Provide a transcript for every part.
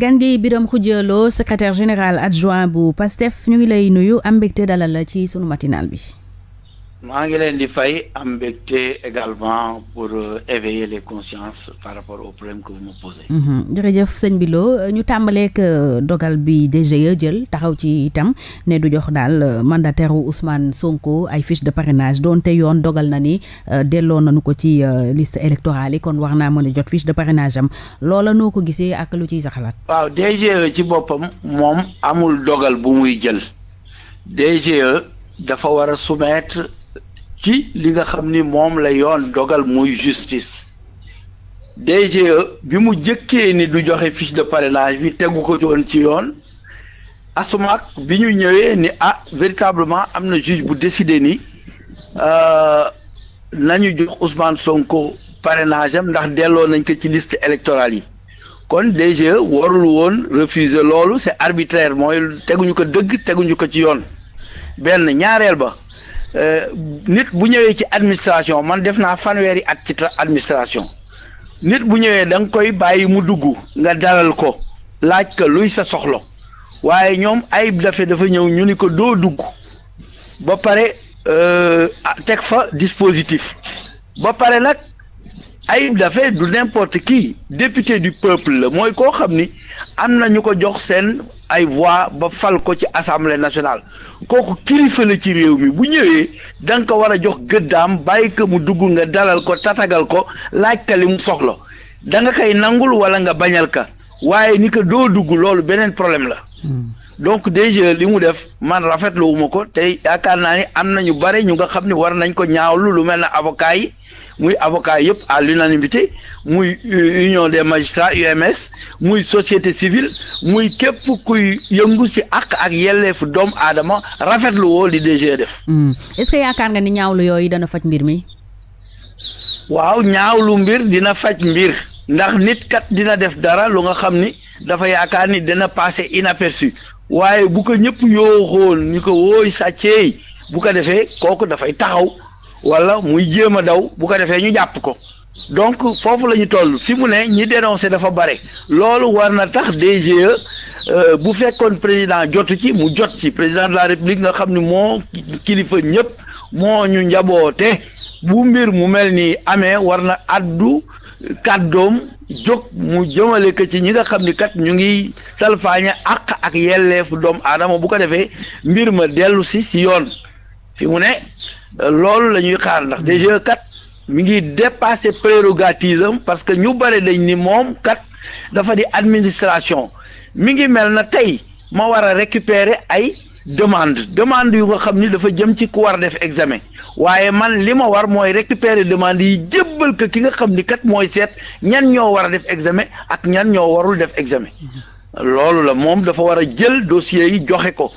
gan gi biram Khoudia Lo secrétaire général adjoint bu PASTEF ñu ngi lay nuyu am mbégte dalal la ci sunu matinal bi maa ngi leen di fay am mbégte également pour euh, éveiller les consciences par rapport au problème que vous me posez. Mhm. jërëjëf sëñ Bilo euh, ñu tàmbaleek euh, dogal bi DGE jël taxaw ci itam ne du jox daal mandataire Ousmane Sonko ay fiche de parrainage donte yoon dogal na ni delloo nañu ko ci liste électorale yi kon war naa mën jot fiche de parrainage am loola noo ko gisee ak lu ciy saxalaat. waaw DGE ci boppam moom amul dogal bu muy jël DGE dafa war a soumettre. ci li nga xam ni moom la yoon dogal muy justice DGE bi mu jëkkee ni du joxe fiche de parrainage bi tegu ko woon ci yoon asumaak bi ñu ñëwee ni ah véritablement am na juge bu décidé ni euh, nañu jox usmaan Sonko parrainage am ndax delloo nañ ko ci liste électorale yi kon DGE warul woon refuser loolu c'est arbitraire mooy teguñu ko dëgg teguñu ko ci yoon benn ñaareel ba Euh, nit bu ñëwee ci administration man def naa fanweeri at ci administration nit bu ñëwee danga koy bàyyi mu dugg nga dalal ko laaj ka luy sa soxlo waaye ñoom ayib dafe dafa ñëw ñu ni ko doo dugg ba pare euh, teg fa dispositif ba pare nag ayib dafe du n'importe kii député du peuple la mooy koo xam ni am na ñu ko jox seen ay voix ba fal ko ci assemblée nationale kooku kilifa la ci réew mi bu ñëwee da nga ko war a jox gëddaam bàyyi ko mu dugg nga dalal ko tatagal ko laaj ka li mu soxla da nga koy nangul wala nga bañal ka waaye ni ka doo dugg loolu beneen problème la. Hmm. donc déjà li mu def man rafetlu wu wuma ko tey yaakaar naa ni am na ñu bare ñu nga xam ni war nañ ko ñaawlu lu mel ne avocat muy avocat yëpp à l'unanimité muy euh, union des magistrats UMS muy société civile muy képp kuy yëngu si ak ak yelleefu doomu aadama rafetlu woo li DG def. Hmm. est-ce que yaakaar nga ni ñaawlu yooyu dana faj mbir mi. waaw ñaawlu mbir dina faj mbir ndax nit kat dina def dara lu nga xam ni dafa yaakaar ni dana passer inaperçu waaye bu ko ñëpp yooxoon ñu ko wooy sàcceey bu ko defee kooku dafay taxaw. wala muy jéem a daw bu ko defee ñu jàpp ko donc foofu la ñu toll fi mu ne ñi dénoncé dafa bare loolu war na tax DGE euh, bu fekkoon président jotu ci mu jot ci président de la république nga xam ni moo kilifa ñëpp moo ñu njaboote bu mbir mu mel ni amee war na addu kàddoom jóg mu jëmale ko ci ñi nga xam ni kat ñu ngi salfaaña àq ak yelleefu doom aadama bu ko defee mbir ma dellu si si yoon fi mu ne loolu la ñuy xaar ndax DGE kat mi ngi dépassé prérogative am parce que ñu bare dañ ni moom kat dafa di administration mi ngi mel na tey ma war a récupérer ay demande demande yu nga xam ni dafa jëm ci ku war def examen waaye man li ma war mooy récupérer demande yi jébbal ko ki nga xam ni kat mooy seet ñan ñoo war a def examen ak ñan ñoo warul def examen mhm. loolu la moom dafa war a jël dossier yi joxe ko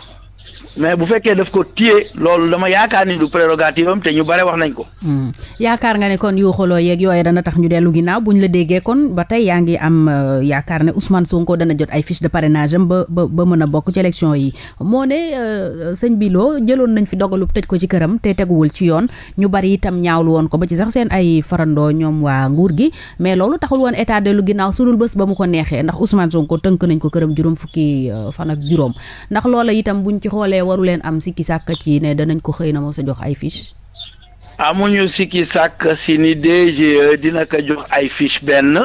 mais bu fekkee daf ko téye loolu dama yaakaar ni du prérogative am te ñu bare wax nañ ko. Hmm. yaakaar nga ne kon yuuxaloo yeeg yooyu dana tax ñu dellu ginnaaw bu ñu la déggee kon ba tey yaa ngi am euh, yaakaar ne Ousmane Sonko dana jot ay fiche de parrainage am ba ba ba mën a bokk ci élection yi moo ne euh, sëñ bi loo jëloon nañ fi dogalub tëj ko ci këram te teguwul ci yoon ñu bari itam ñaawlu woon ko ba ci sax seen ay farandoo ñoom waa nguur gi mais loolu taxul woon état dellu ginnaaw su dul bés ba mu ko neexee ndax Ousmane Sonko tënk nañ ko këram juróom fukki euh, fan ak juróom xoolee waru leen am sikki sàkk ci ne danañ ko xëy na moo sa jox ay fiche amuñu sikki sàkk si ni DGE dina ko jox ay fiche benn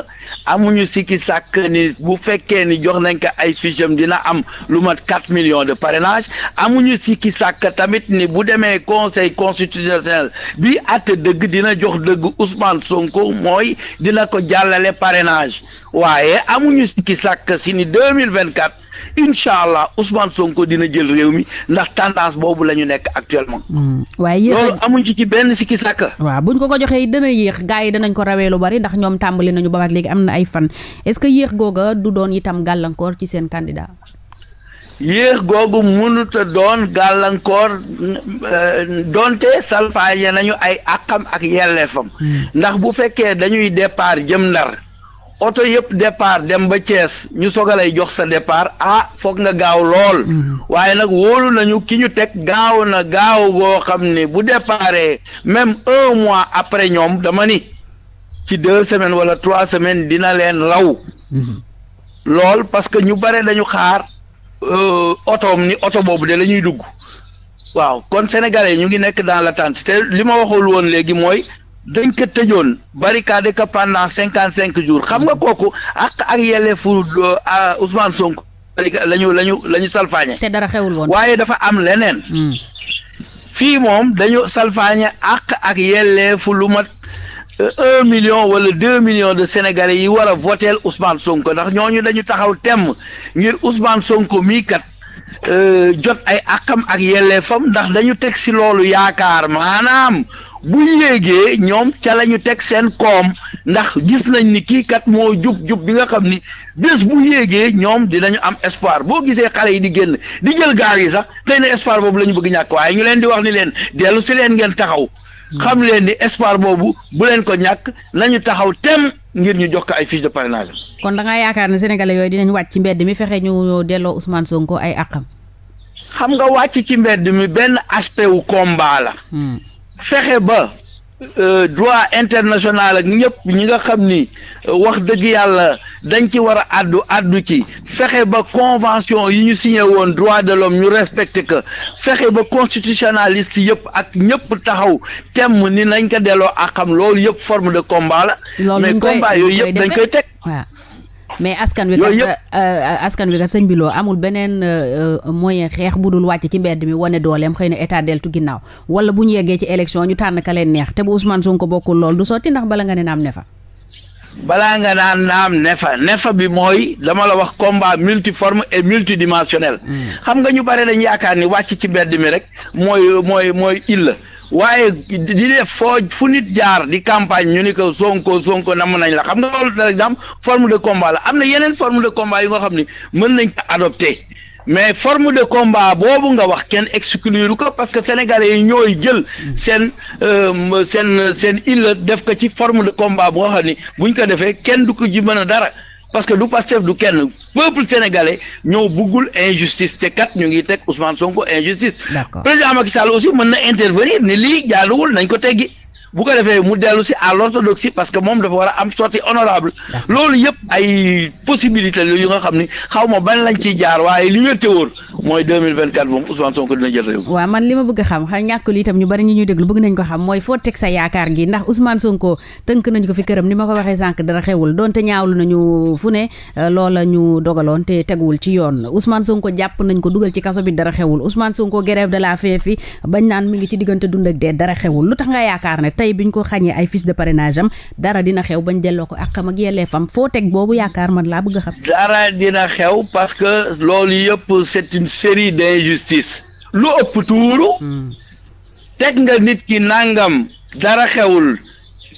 amuñu sikki sàkk ni bu fekkee ni jox nañ ko ay fiche dina am lu mat quatre millions de parrainage amuñu sikki sàkk tamit ni bu demee conseil constitutionnel bi àtte dëgg dina jox dëgg Ousmane Sonko mooy dina ko jàllale parrainage waaye amuñu sikki sàkk si ni deux mille vingt quatre incha allah Ousmane Sonko dina jël réew mi ndax tendance boobu la ñu nekk actuellement. Hmm. waaye yéex loolu amuñ ci ci benn sikki sàkka. waaw buñ ko ko joxee dana yéex gars yi danañ ko rawee lu bari ndax ñoom tàmbali nañu ba léegi am na ay fan est-ce que yéex googa du doon itam gàllankoor ci seen candidat. yéex googu mënut a doon gàllankoor euh, donte salfaañe nañu ay akam ak yelleefam. Hmm. ndax bu fekkee dañuy départ jëm ndar. oto yëpp départ dem ba cees ñu soog a lay jox sa départ ah foog nga gaaw lool mm-hmm. waaye nag wóolu nañu ki ñu teg gaaw na gaaw goo xam ne bu déparé même un mois après ñoom dama ni ci deux semaines wala trois semaines dina leen raw mm-hmm. lool parce que ñu bare dañu xaar euh, otoom ni oto boobu de la ñuy dugg waaw kon sénégalais ñu ngi nekk dans l'attente te li ma waxul woon léegi mooy dañ ko tëjoon barricade ko pendant cinquante cinq jours xam nga kooku ak ak yelleefu euh, Ousmane Sonko lañu lañu la ñu salfaañe dara xewul woon waaye dafa am leneen hmm. fii moom dañu salfaañe ak ak yelleefu lu mat euh, un million wala deux millions de sénégalais yi war a voteel Sonko ndax ñooñu dañu taxaw temm ngir Ousmane Sonko mii kat euh, jot ay àqam ak yelleefam ndax dañu teg si loolu yaakaar maanaam bu yéegee ñoom ca la ñu teg seen koom ndax gis nañ ni kii kat moo jub jub bi nga xam ni bés bu yéegee ñoom dinañu am espoir boo gisee xale yi di génn di jël gaar yi sax tey na espoir boobu la ñu bëgg ñàkk waaye ñu leen di wax ni leen dellu si leen ngeen taxaw hmm. xam leen di espoir boobu bu leen ko ñàkk nañu taxaw tem ngir ñu jox ko ay fiche de parrainage. kon da nga yaakaar ne sénégalais yooyu dinañ wàcc ci mbedd mi fexe ñu delloo Ousmane Sonko ay àqam. xam nga wàcc ci mi benn aspect wu combat fexe ba euh, droit international ak ñëpp ñi nga xam ni euh, wax dëgg yàlla dañ ci war a àddu àddu ci fexe ba convention yi ñu signé woon droit de l'homme ñu respecté que fexe ba constitutionnaliste yëpp ak ñëpp taxaw temm ni nañ ko delloo àqam loolu yëpp forme de combat la mais combat yooyu yëpp dañ koy teg mais askan wi kat euh, euh, askan wi kat sëñ bi amul beneen euh, moyen xeex bu dul wàcc ci mbedd mi wane dooleem xëy na état deltu ginnaaw wala bu ñu yeggee ci élection ñu tànn ka leen neex te bu Ousmane Sonko bokkul lool du sotti ndax bala nga ne naam ne fa. balaa nga naan naam nefa nefa bi mooy dama la wax combat multiforme et multidimensionnel. Hmm. xam nga ñu bare dañ yaakaar ni wàcc ci mbedd mi rek mooy mooy mooy il waaye di def foo fu nit jaar di campagne ñu ni ko sonko sonko nam nañ la xam nga loolu par formu forme de la am na yeneen forme de combat yu nga xam ni mën nañ ko adopté mais formu de combat boobu nga wax kenn exclure ko parce que sénégalais yi ñooy jël seen euh, seen seen illa def ko ci forme de combat bu nga xam ni buñ ko defee kenn du ko ji mën a dara parce que du Pastef du kenn peuple sénégalais ñoo buggul injustice te kat ñu ngi teg Ousmane Sonko injustice. président Macky Sall aussi mën na intervenir ne lii jaaduwul nañ ko teggi. bu ko defee mu dellu si à l'orthodoxie parce que moom dafa war a am sortie honorable loolu yëpp ay possibilité la yu nga xam ni xaw ma ban lañ ciy jaar waaye li wér te wóor mooy 2024 moom Ousmane Sonko dina jël réew man li ma bëgg xam xam ñàkkul itam ñu bari ñu ñuy déglu bëgg nañ ko xam mooy foo teg sa yaakaar gi ndax Ousmane Sonko tënk nañ ko fi këram ni ma ko waxee sànq dara xewul donte ñaawlu nañu fu ne euh, loola ñu dogaloon te teguwul ci yoon Ousmane Sonko jàpp nañ ko dugal ci kaso bi dara xewul Ousmane Sonko grève de la faim fi bañ naan mi ngi ci diggante dund ak dara xewul lu tax nga yaakaar tey biñ ko xañee ay fiches de parrainage am dara dina xew bañ delloo ko àqam ak yelleefam foo teg boobu yaakaar man laa bëgg a xam. dara dina xew parce que loolu yëpp c'est une série d'injustices. lu ëpp tuuru. teg nga nit ki nangam dara xewul.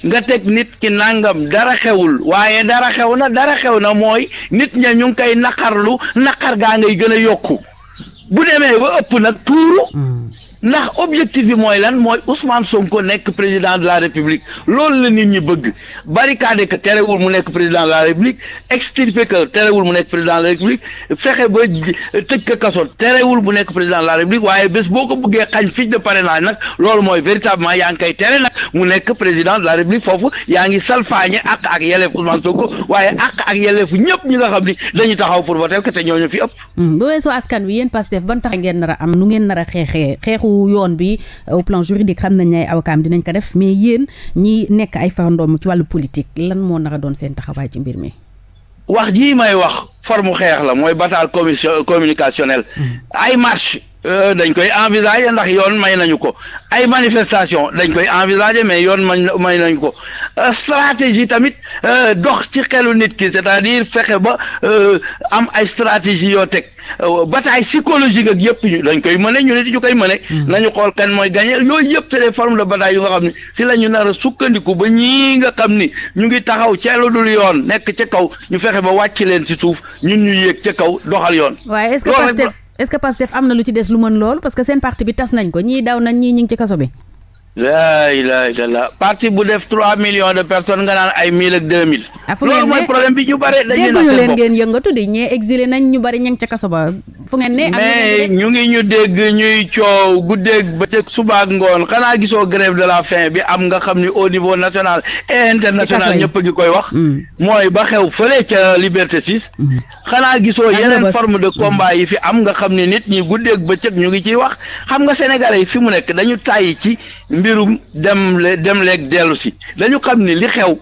nga teg nit ki nangam dara xewul waaye dara xew na dara xew na mooy nit ña ñu ngi koy naqarlu naqar gaa ngay gën a yokku bu demee ba ëpp nag tuuru. Mm. ndax objectif bi mooy lan mooy Ousmane Sonko nekk président de la République loolu la nit ñi bëgg barricade que terewul mu nekk président de la République extirper que terewul mu nekk président de la République fexe ba tëj ka kaso terewul mu nekk président de la République waaye bés boo ko bëggee xañ fiche de parrainage nag loolu mooy véritablement yaa ngi koy tere nag mu nekk président de la République foofu yaa ngi salfaañe àq ak yelleef Ousmane Sonko waaye àq ak yelleef ñëpp ñi nga xam ni dañuy taxaw pour voter que te ñooñu fi ëpp. Mm, bu weesoo askan wi ban tax ngeen nar a am nu ngeen nar a xeexee waxu yoon bi euh, au plan juridique xam nañ ne awakaam dinañ ko def mais yéen ñi nekk ay farandoom ci wàllu politique lan moo nar a doon seen taxawaay ci mbir mi. wax jii may wax. forme xeex la mooy bataille commission communicationnelle hmm. ay marche euh, dañ koy envisager ndax yoon may nañu ko ay manifestation dañ koy envisager mais yoon may nañu ko euh, stratégie tamit euh, dox ci xelu nit ki c'est-à-dire fexe ba am ay stratégie yoo teg bataille psychologique ak yëpp ñu dañ koy mëne ñu nit ñu koy mëne hmm. nañu xool kan mooy gagné yooyu yëpp c'est des formes de bataille nga xam ni si la ñu nar a sukkandiku ba ñii nga xam ni ñu ngi taxaw ceelu dul yoon nekk ci kaw ñu fexe ba wàcc leen ci suuf ñun ñu yéeg ca kaw doxal yoon. waaye est-ce que Pastef est am na lu ci des lu mën lool parce que seen parti bi tas nañ ko ñii daw nañ ñii ñu ngi ci kaso bi. la ilaha illallah parti bu def trois millions de personnes nga naan ay mil ak deux mille. Ah, loolu mooy problème bi ñu bare dañuy nax seen bopp dégguñu ñee exilé nañ ñu bari ña ngi ca kaso ba fu ngeen ne. mais ñu ngi ñu dégg ñuy coow guddeeg bëccëg suba ngoon xanaa gisoo grève de la faim bi am nga xam ni au niveau national et international ñëpp a ngi koy wax. Mm. mooy ba xew fële ca Liberté 6. Mm. xanaa gisoo yeneen forme de combat yi fi am nga xam ni nit ñi guddeeg bëccëg ñu ngi ciy wax xam nga sénégalais yi fi mu nekk dañu tàyyi ci. mbirum dem le dem leeg dellu si dañu xam ni li xew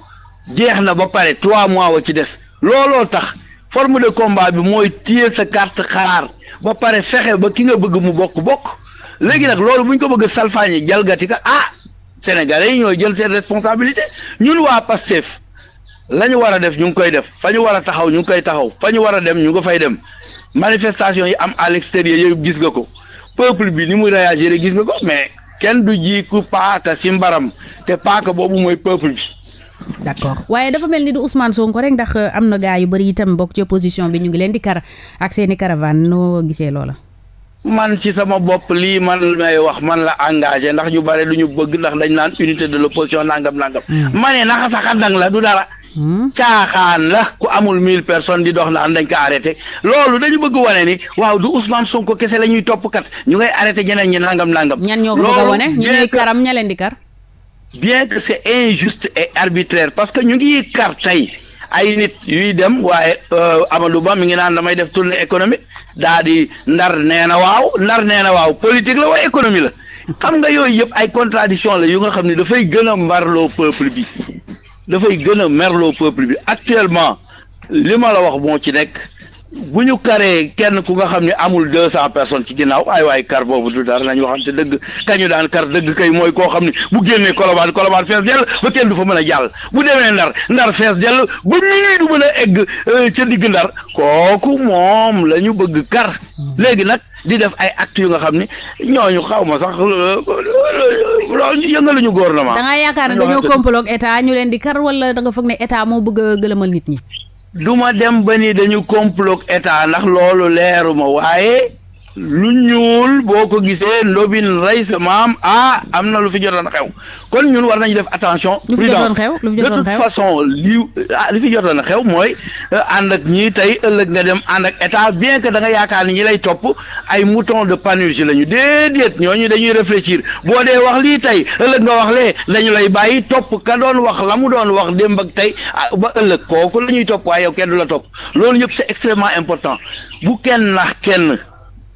jeex na ba pare trois mois wa ci des looloo tax forme de combat bi mooy téye sa carte xaar ba pare fexe ba ki nga bëgg mu bokk bokk léegi nag loolu bu ko bëgg salfaañi jalgati ka ah sénégalais yi ñooy jël seen responsabilité ñun waa Pastef la ñu war a def ñu ngi koy def fa ñu war a taxaw ñu ngi koy taxaw fa ñu war a dem ñu ngi fay dem manifestation yi am à l'extérieur yooyu gis nga ko peuple bi ni muy réagir gis nga ko mais. kenn du jiiku paaka si mbaram te paaka boobu mooy peuple bi. d' accord waaye dafa mel ni du Ousmane Sonko rek ndax euh, am na gaa yu bëri mbokk bokk ci opposition bi ñu ngi leen di kar ak seen i caravane noo gisee loola. man ci sama bopp lii man may wax man la engagé ndax ñu bare du ñu bëgg ndax dañ naan unité de l'opposition nangam nangam. Hmm. ma ne naxa sax dang la du dara. Hmm? caaxaan la ku amul mille personnes di dox naan dañ ko arrêté loolu dañu bëgg wane ni waaw du Ousmane Sonko kese la ñuy topp kat ñu ngay arrêté ñeneen ñi nangam nangam. ñan ñoo bëgg a wane ñi karam ña leen di kar. bien que c'est injuste et arbitraire parce que ñu ngi kar tey. ay nit yuy dem waaye euh, Amadou Ba mi ngi naan damay def tournée économique daa di ndar nee na waaw ndar nee na waaw politique la waaye économie la xam nga yooyu yëpp ay contradiction la yu nga xam ne dafay gën a merloo peuple bi dafay gën a merloo peuple bi actuellement li la wax moo ci nekk. bu ñu karee kenn ku nga xam ne amul deux cent personnes ci ginnaaw ay waay kar boobu du dara nañu ca dëgg kañu daan kar dëgg kay mooy koo xam ne bu génnee kolobaan kolobaan fees dell ba kenn du fa mën a jàll bu demee ndar ndar fees dell ba ñuy du mën a egg euh, ca digg ndar kooku moom la ñu bëgg kar léegi nag di def ay actes yu nga xam ne ñooñu xaw ma sax euh, euh, loolu yëngaluñu ñu da nga yaakaar ne dañoo complot état ñu leen di kar wala da nga ne état moo bëgg a nit ñi. duma dem ba ni dañu complot état ndax loolu leeruma waaye lu ñuul boo ko gisee lobin rey sa maam ah am na lu fi jotoon xew kon ñun war nañu def attention. prudence de toute façon li ah li fi jotoon xew mooy euh, ànd ak ñii tey ëllëg nga dem ànd ak état bien que da nga yaakaar ni ñi lay topp ay mouton de Panurge la ñu déedéet ñooñu dañuy réfléchir boo dee wax lii tey ëllëg nga wax lee dañu lay bàyyi topp ka doon wax la mu doon wax démb ak tey ah, ba ëllëg kooku la ñuy topp waaye kenn du la topp loolu yëpp c'est extrêmement important bu kenn nax kenn.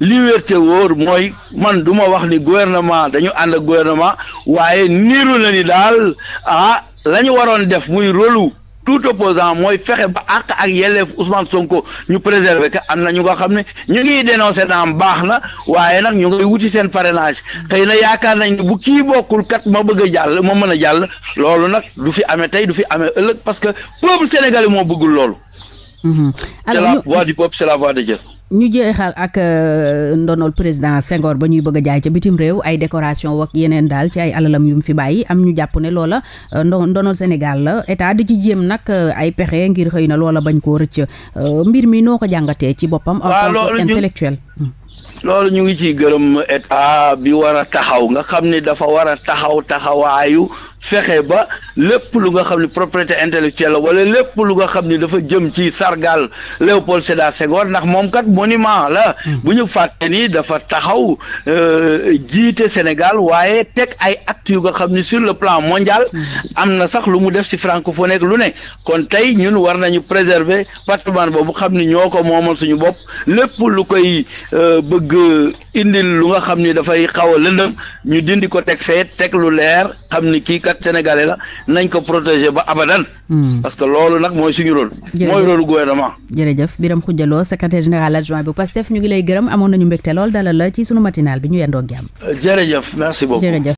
li wérte wóor mooy man du ma wax ni gouvernement dañu ànd ak gouvernement waaye niiru na ni daal ah lañu waroon def muy rôlu tout opposant mooy fexe ba àq ak yelleef Ousmane Sonko ñu préserver que am na ñu nga xam ne ñu ngi dénoncé naam baax na waaye nag ñu ngi wuti seen parrainage xëy na yaakaar nañ ne bu kii bokkul kat ma bëgg a jàll ma mën a jàll loolu nag du fi amee tey du fi amee ëllëg parce que peuple sénégalais moo bëggul loolu. alors mhm. c'est la voix du peuple c'est la ñu jeexal ak euh, ndonol président Senghor ba ñuy bëgg a jaay ca bitim réew ay décoration wak yeneen daal ci ay alalam yu mu fi bàyyi am ñu jàpp ne loola euh, ndonol Sénégal la état di ci jéem nag euh, ay pexe ngir xëy na loola bañ koo rëcc mbir mi noo ko jàngatee ci boppam en tant qu'intellectuel loolu ñu ngi ci gërëm état bi war a taxaw nga xam ni dafa war a taxaw taxawaayu fexe ba lépp lu nga xam ni propriété intellectuelle la wala lépp lu nga xam ni dafa jëm ci sargal Léopold Sédar Senghor ndax moom kat monument la. Mm. bu ñu fàtte ni dafa taxaw euh, jiite Sénégal waaye teg ay actes nga xam ni sur le plan mondial. Mm. am na sax lu mu def si francophonie ak lu ne kon tey ñun war nañu préserver patrimoine boobu xam ni ñoo ko moomal suñu bopp lépp lu koy. Euh, bëgg indil lu nga xam ni dafay xaw a lëndëm ñu dindi ko teg fee teg lu leer xam ni kii kat sénégalais la nañ ko protéger ba abadan. Hmm. parce que loolu nag mooy suñu rôle. mooy rôle gouvernement. jërëjëf Birame Khoudia Lo secrétaire général adjoint bu PASTEF ñu ngi lay gërëm amoon nañu mbégte lool dalal la ci sunu matinal bi ñu yendoo jàmm. Euh, jërëjëf merci beaucoup